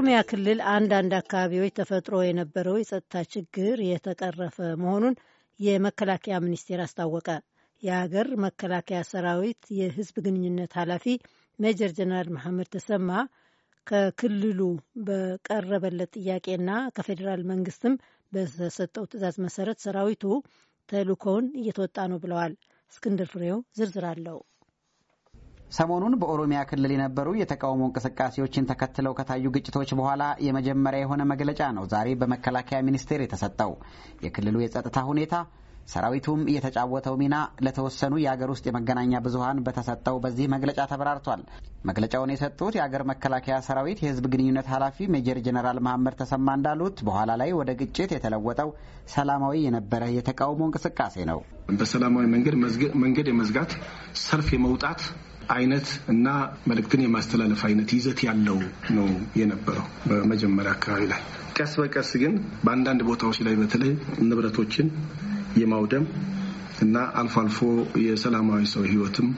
በኦሮሚያ ክልል አንዳንድ አካባቢዎች ተፈጥሮ የነበረው የጸጥታ ችግር የተቀረፈ መሆኑን የመከላከያ ሚኒስቴር አስታወቀ። የሀገር መከላከያ ሰራዊት የህዝብ ግንኙነት ኃላፊ ሜጀር ጀነራል መሐመድ ተሰማ ከክልሉ በቀረበለት ጥያቄና ከፌዴራል መንግስትም በተሰጠው ትዕዛዝ መሰረት ሰራዊቱ ተልእኮውን እየተወጣ ነው ብለዋል። እስክንድር ፍሬው ዝርዝር አለው። ሰሞኑን በኦሮሚያ ክልል የነበሩ የተቃውሞ እንቅስቃሴዎችን ተከትለው ከታዩ ግጭቶች በኋላ የመጀመሪያ የሆነ መግለጫ ነው ዛሬ በመከላከያ ሚኒስቴር የተሰጠው። የክልሉ የጸጥታ ሁኔታ፣ ሰራዊቱም እየተጫወተው ሚና ለተወሰኑ የአገር ውስጥ የመገናኛ ብዙኃን በተሰጠው በዚህ መግለጫ ተብራርቷል። መግለጫውን የሰጡት የአገር መከላከያ ሰራዊት የሕዝብ ግንኙነት ኃላፊ ሜጀር ጀነራል መሐመድ ተሰማ እንዳሉት በኋላ ላይ ወደ ግጭት የተለወጠው ሰላማዊ የነበረ የተቃውሞ እንቅስቃሴ ነው። በሰላማዊ መንገድ መንገድ የመዝጋት ሰልፍ የመውጣት አይነት እና መልእክትን የማስተላለፍ አይነት ይዘት ያለው ነው የነበረው በመጀመሪያ አካባቢ ላይ። ቀስ በቀስ ግን በአንዳንድ ቦታዎች ላይ በተለይ ንብረቶችን የማውደም እና አልፎ አልፎ የሰላማዊ ሰው ሕይወትም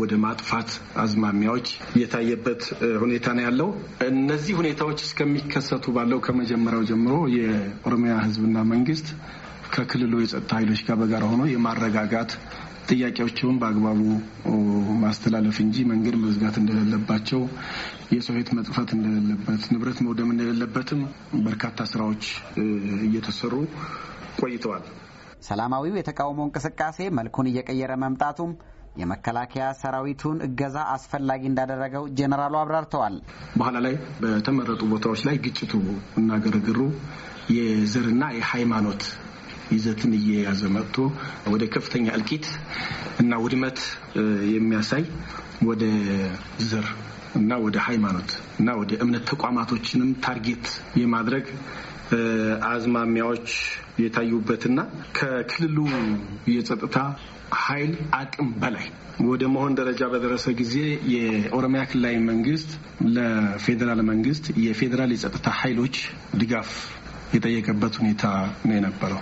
ወደ ማጥፋት አዝማሚያዎች የታየበት ሁኔታ ነው ያለው። እነዚህ ሁኔታዎች እስከሚከሰቱ ባለው ከመጀመሪያው ጀምሮ የኦሮሚያ ሕዝብና መንግስት ከክልሉ የጸጥታ ኃይሎች ጋር በጋራ ሆኖ የማረጋጋት ጥያቄዎቸውን በአግባቡ ማስተላለፍ እንጂ መንገድ መዝጋት እንደሌለባቸው፣ የሰው ሕይወት መጥፋት እንደሌለበት፣ ንብረት መውደም እንደሌለበትም በርካታ ስራዎች እየተሰሩ ቆይተዋል። ሰላማዊው የተቃውሞ እንቅስቃሴ መልኩን እየቀየረ መምጣቱም የመከላከያ ሰራዊቱን እገዛ አስፈላጊ እንዳደረገው ጄኔራሉ አብራርተዋል። በኋላ ላይ በተመረጡ ቦታዎች ላይ ግጭቱ እና ግርግሩ የዘርና የሃይማኖት ይዘትን እየያዘ መጥቶ ወደ ከፍተኛ እልቂት እና ውድመት የሚያሳይ ወደ ዘር እና ወደ ሃይማኖት እና ወደ እምነት ተቋማቶችንም ታርጌት የማድረግ አዝማሚያዎች የታዩበትና ከክልሉ የጸጥታ ኃይል አቅም በላይ ወደ መሆን ደረጃ በደረሰ ጊዜ የኦሮሚያ ክልላዊ መንግስት ለፌዴራል መንግስት የፌዴራል የጸጥታ ኃይሎች ድጋፍ የጠየቀበት ሁኔታ ነው የነበረው።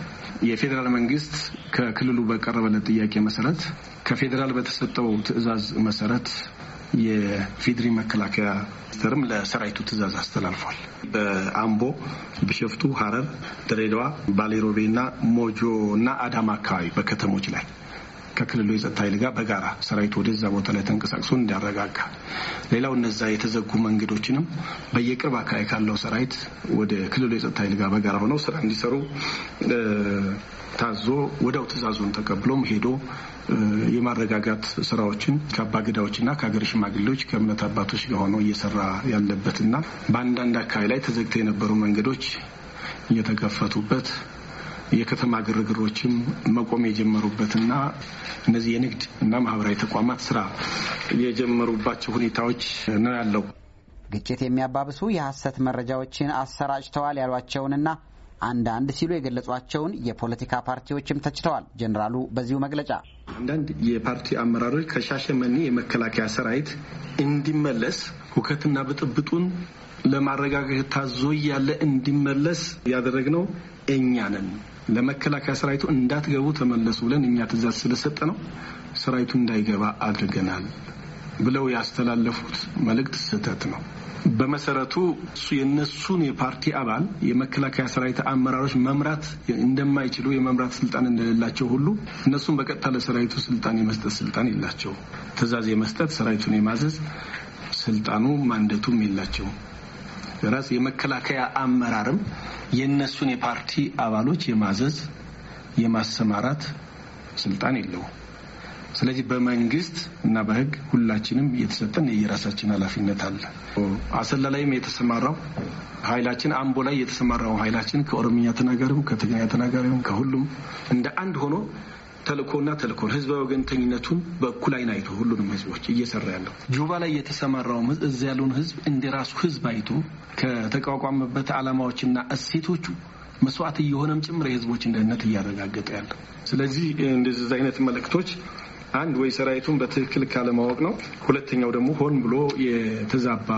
የፌዴራል መንግስት ከክልሉ በቀረበለት ጥያቄ መሰረት ከፌዴራል በተሰጠው ትዕዛዝ መሰረት የፌድሪ መከላከያ ሚኒስቴርም ለሰራዊቱ ትዕዛዝ አስተላልፏል። በአምቦ፣ ብሸፍቱ፣ ሀረር ድሬዳዋ፣ ባሌሮቤ እና ሞጆ እና አዳማ አካባቢ በከተሞች ላይ ከክልሉ የጸጥታ ኃይል ጋር በጋራ ሰራዊቱ ወደዛ ቦታ ላይ ተንቀሳቅሶ እንዲያረጋጋ፣ ሌላው እነዛ የተዘጉ መንገዶችንም በየቅርብ አካባቢ ካለው ሰራዊት ወደ ክልሉ የጸጥታ ኃይል ጋር በጋራ ሆነው ስራ እንዲሰሩ ታዞ ወዲያው ትእዛዙን ተቀብሎም ሄዶ የማረጋጋት ስራዎችን ከአባገዳዎችና ከሀገር ሽማግሌዎች ከእምነት አባቶች ጋር ሆኖ እየሰራ ያለበትና በአንዳንድ አካባቢ ላይ ተዘግተው የነበሩ መንገዶች እየተከፈቱበት። የከተማ ግርግሮችም መቆም የጀመሩበትና እነዚህ የንግድ እና ማህበራዊ ተቋማት ስራ የጀመሩባቸው ሁኔታዎች ነው ያለው። ግጭት የሚያባብሱ የሐሰት መረጃዎችን አሰራጭተዋል ያሏቸውንና አንዳንድ ሲሉ የገለጿቸውን የፖለቲካ ፓርቲዎችም ተችተዋል። ጀኔራሉ በዚሁ መግለጫ አንዳንድ የፓርቲ አመራሮች ከሻሸመኔ የመከላከያ ሰራዊት እንዲመለስ ሁከትና ብጥብጡን ለማረጋገጥ ታዞ እያለ እንዲመለስ ያደረግነው እኛ ነን። ለመከላከያ ሰራዊቱ እንዳትገቡ ተመለሱ ብለን እኛ ትእዛዝ ስለሰጠ ነው ሰራዊቱ እንዳይገባ አድርገናል ብለው ያስተላለፉት መልእክት ስህተት ነው። በመሰረቱ እሱ የእነሱን የፓርቲ አባል የመከላከያ ሰራዊት አመራሮች መምራት እንደማይችሉ የመምራት ስልጣን እንደሌላቸው ሁሉ እነሱም በቀጥታ ለሰራዊቱ ስልጣን የመስጠት ስልጣን የላቸው። ትእዛዝ የመስጠት ሰራዊቱን የማዘዝ ስልጣኑ ማንደቱም የላቸው። ራስ የመከላከያ አመራርም የእነሱን የፓርቲ አባሎች የማዘዝ የማሰማራት ስልጣን የለውም። ስለዚህ በመንግስት እና በህግ ሁላችንም እየተሰጠን የየራሳችን ኃላፊነት አለ። አሰላ ላይም የተሰማራው ኃይላችን አምቦ ላይ የተሰማራው ኃይላችን ከኦሮምኛ ተናጋሪው ከትግርኛ ተናጋሪው ከሁሉም እንደ አንድ ሆኖ ተልእኮና ተልእኮን ህዝባዊ ወገንተኝነቱን በእኩል አይን አይቶ ሁሉንም ህዝቦች እየሰራ ያለው ጁባ ላይ የተሰማራውም እዚ ያለውን ህዝብ እንደ ራሱ ህዝብ አይቶ ከተቋቋመበት ዓላማዎችና እሴቶቹ መስዋዕት እየሆነም ጭምር የህዝቦችን ደህንነት እያረጋገጠ ያለ። ስለዚህ እንደዚህ አይነት መልእክቶች አንድ ወይ ሰራዊቱን በትክክል ካለማወቅ ነው። ሁለተኛው ደግሞ ሆን ብሎ የተዛባ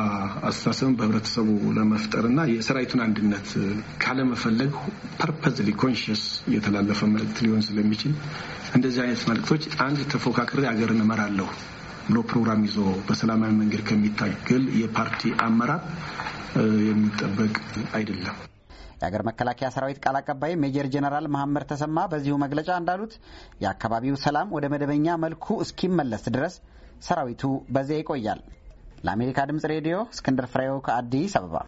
አስተሳሰብን በህብረተሰቡ ለመፍጠርና የሰራዊቱን አንድነት ካለመፈለግ ፐርፐዝሊ ኮንሽስ የተላለፈ መልእክት ሊሆን ስለሚችል እንደዚህ አይነት መልእክቶች አንድ ተፎካካሪ ሀገርን እመራለሁ ብሎ ፕሮግራም ይዞ በሰላማዊ መንገድ ከሚታገል የፓርቲ አመራር የሚጠበቅ አይደለም። የአገር መከላከያ ሰራዊት ቃል አቀባይ ሜጀር ጀነራል መሐመድ ተሰማ በዚሁ መግለጫ እንዳሉት የአካባቢው ሰላም ወደ መደበኛ መልኩ እስኪመለስ ድረስ ሰራዊቱ በዚያ ይቆያል። ለአሜሪካ ድምጽ ሬዲዮ እስክንድር ፍሬው ከአዲስ አበባ